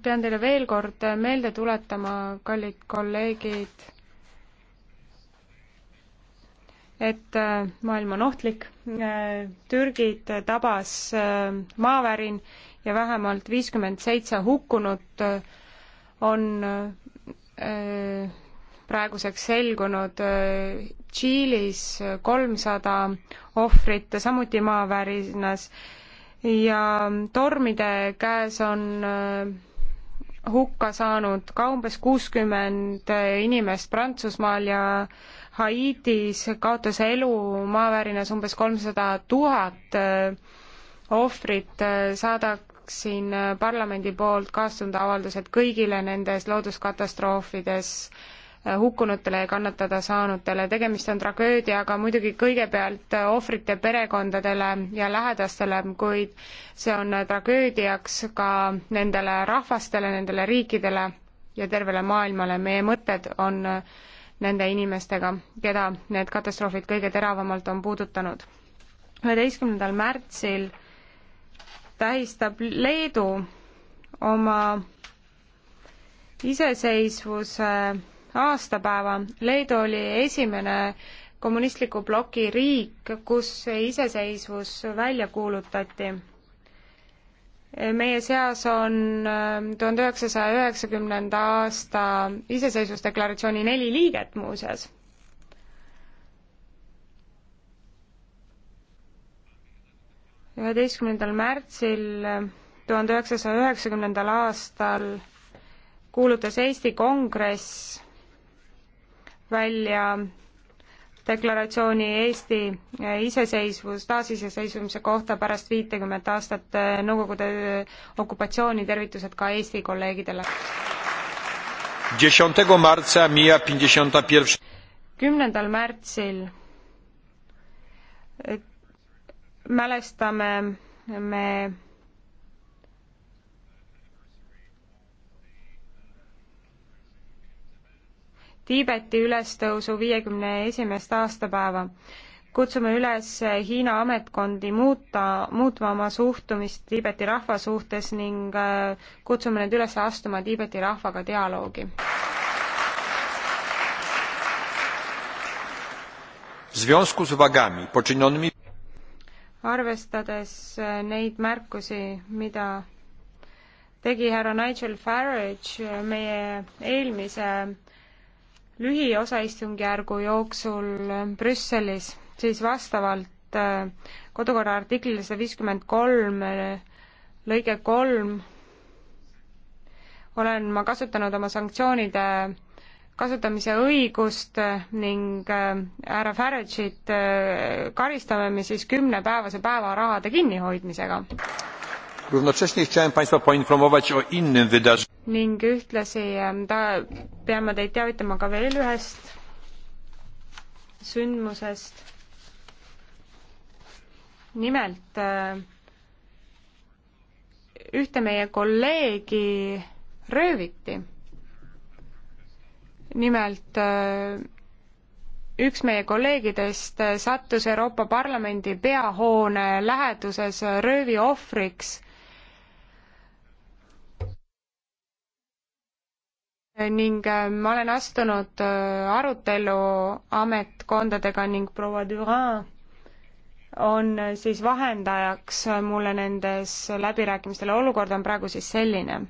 pean teile veel kord meelde tuletama, kallid kolleegid, et äh, maailm on ohtlik. Äh, Türgid tabas äh, maavärin ja vähemalt viiskümmend seitse hukkunut on praeguseks selgunud. Tšiilis kolmsada ohvrit, samuti maavärinas ja tormide käes on hukka saanud, ka umbes kuuskümmend inimest Prantsusmaal ja Haitis kaotas elu maavärinas umbes kolmsada tuhat äh, ohvrit, äh, saadaksin äh, parlamendi poolt kaastunda avaldused kõigile nendes looduskatastroofides äh, hukkunutele ja kannatada saanutele. tegemist on tragöödiaga muidugi kõigepealt ohvrite perekondadele ja lähedastele, kuid see on tragöödiaks ka nendele rahvastele, nendele riikidele ja tervele maailmale. meie mõtted on nende inimestega, keda need katastroofid kõige teravamalt on puudutanud. üheteistkümnendal märtsil tähistab Leedu oma iseseisvuse äh, aastapäeva. Leedu oli esimene kommunistliku bloki riik, kus iseseisvus välja kuulutati. meie seas on äh, tuhande üheksasaja üheksakümnenda aasta iseseisvusdeklaratsiooni neli liiget muuseas üheteistkümnendal märtsil äh, tuhande üheksasaja üheksakümnendal aastal kuulutas Eesti Kongress välja deklaratsiooni Eesti iseseisvus, taasiseseisvumise kohta pärast viitekümmet aastat eh, Nõukogude okupatsiooni, tervitused ka Eesti kolleegidele. kümnendal märtsil eh, mälestame me Tiibeti ülestõusu viiekümne esimest aastapäeva. kutsume üles Hiina ametkondi muuta, muutma oma suhtumist Tiibeti rahva suhtes ning äh, kutsume neid üles astuma Tiibeti rahvaga dialoogi. w związku z uwagami poczynionymi arvestades äh, neid märkusi, mida tegi härra Nigel Farage äh, meie eelmise lühiosaistungjärgu jooksul Brüsselis, siis vastavalt äh, kodukorra artiklile sada viiskümmend kolm äh, lõige kolm olen ma kasutanud oma sanktsioonide kasutamise õigust äh, ning härra Farage'it karistame me siis kümnepäevase päevarahade kinnihoidmisega. Równocześnie chciałem Państwa poinformować o innym wydarzeniu ning ühtlasi ähm, ta, peame teid teavitama ka veel ühest sündmusest. nimelt äh, ühte meie kolleegi rööviti. nimelt äh, üks meie kolleegidest äh, sattus Euroopa Parlamendi peahoone läheduses röövi ohvriks ning äh, ma olen astunud äh, arutelu ametkondadega ning proua Durand on äh, siis vahendajaks mulle nendes läbirääkimistel, olukord on praegu siis selline.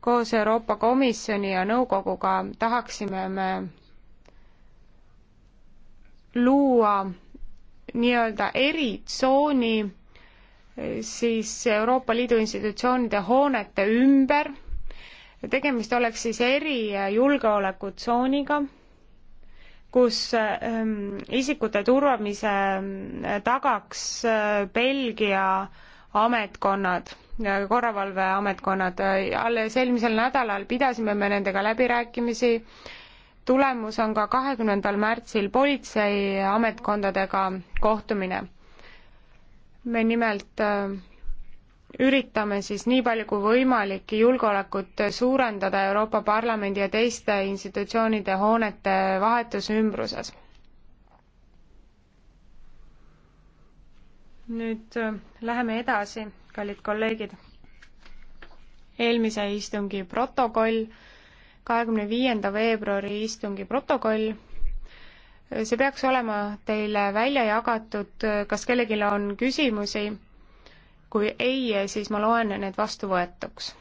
koos Euroopa Komisjoni ja nõukoguga tahaksime me luua nii-öelda eritsooni siis Euroopa Liidu institutsioonide hoonete ümber tegemist oleks siis erijulgeolekutsooniga, äh, kus ähm, isikute turvamise äh, tagaks äh, Belgia ametkonnad, korravalveametkonnad. alles eelmisel nädalal pidasime me nendega läbirääkimisi. tulemus on ka kahekümnendal märtsil politseiametkondadega kohtumine. me nimelt äh, üritame siis nii palju kui võimalik julgeolekut suurendada Euroopa Parlamendi ja teiste institutsioonide hoonete vahetus ümbruses. nüüd äh, läheme edasi, kallid kolleegid. eelmise istungi protokoll, kahekümne viienda veebruari istungi protokoll äh, see peaks olema teile välja jagatud, äh, kas kellelgi on küsimusi? kui ei, siis ma loen need vastuvõetuks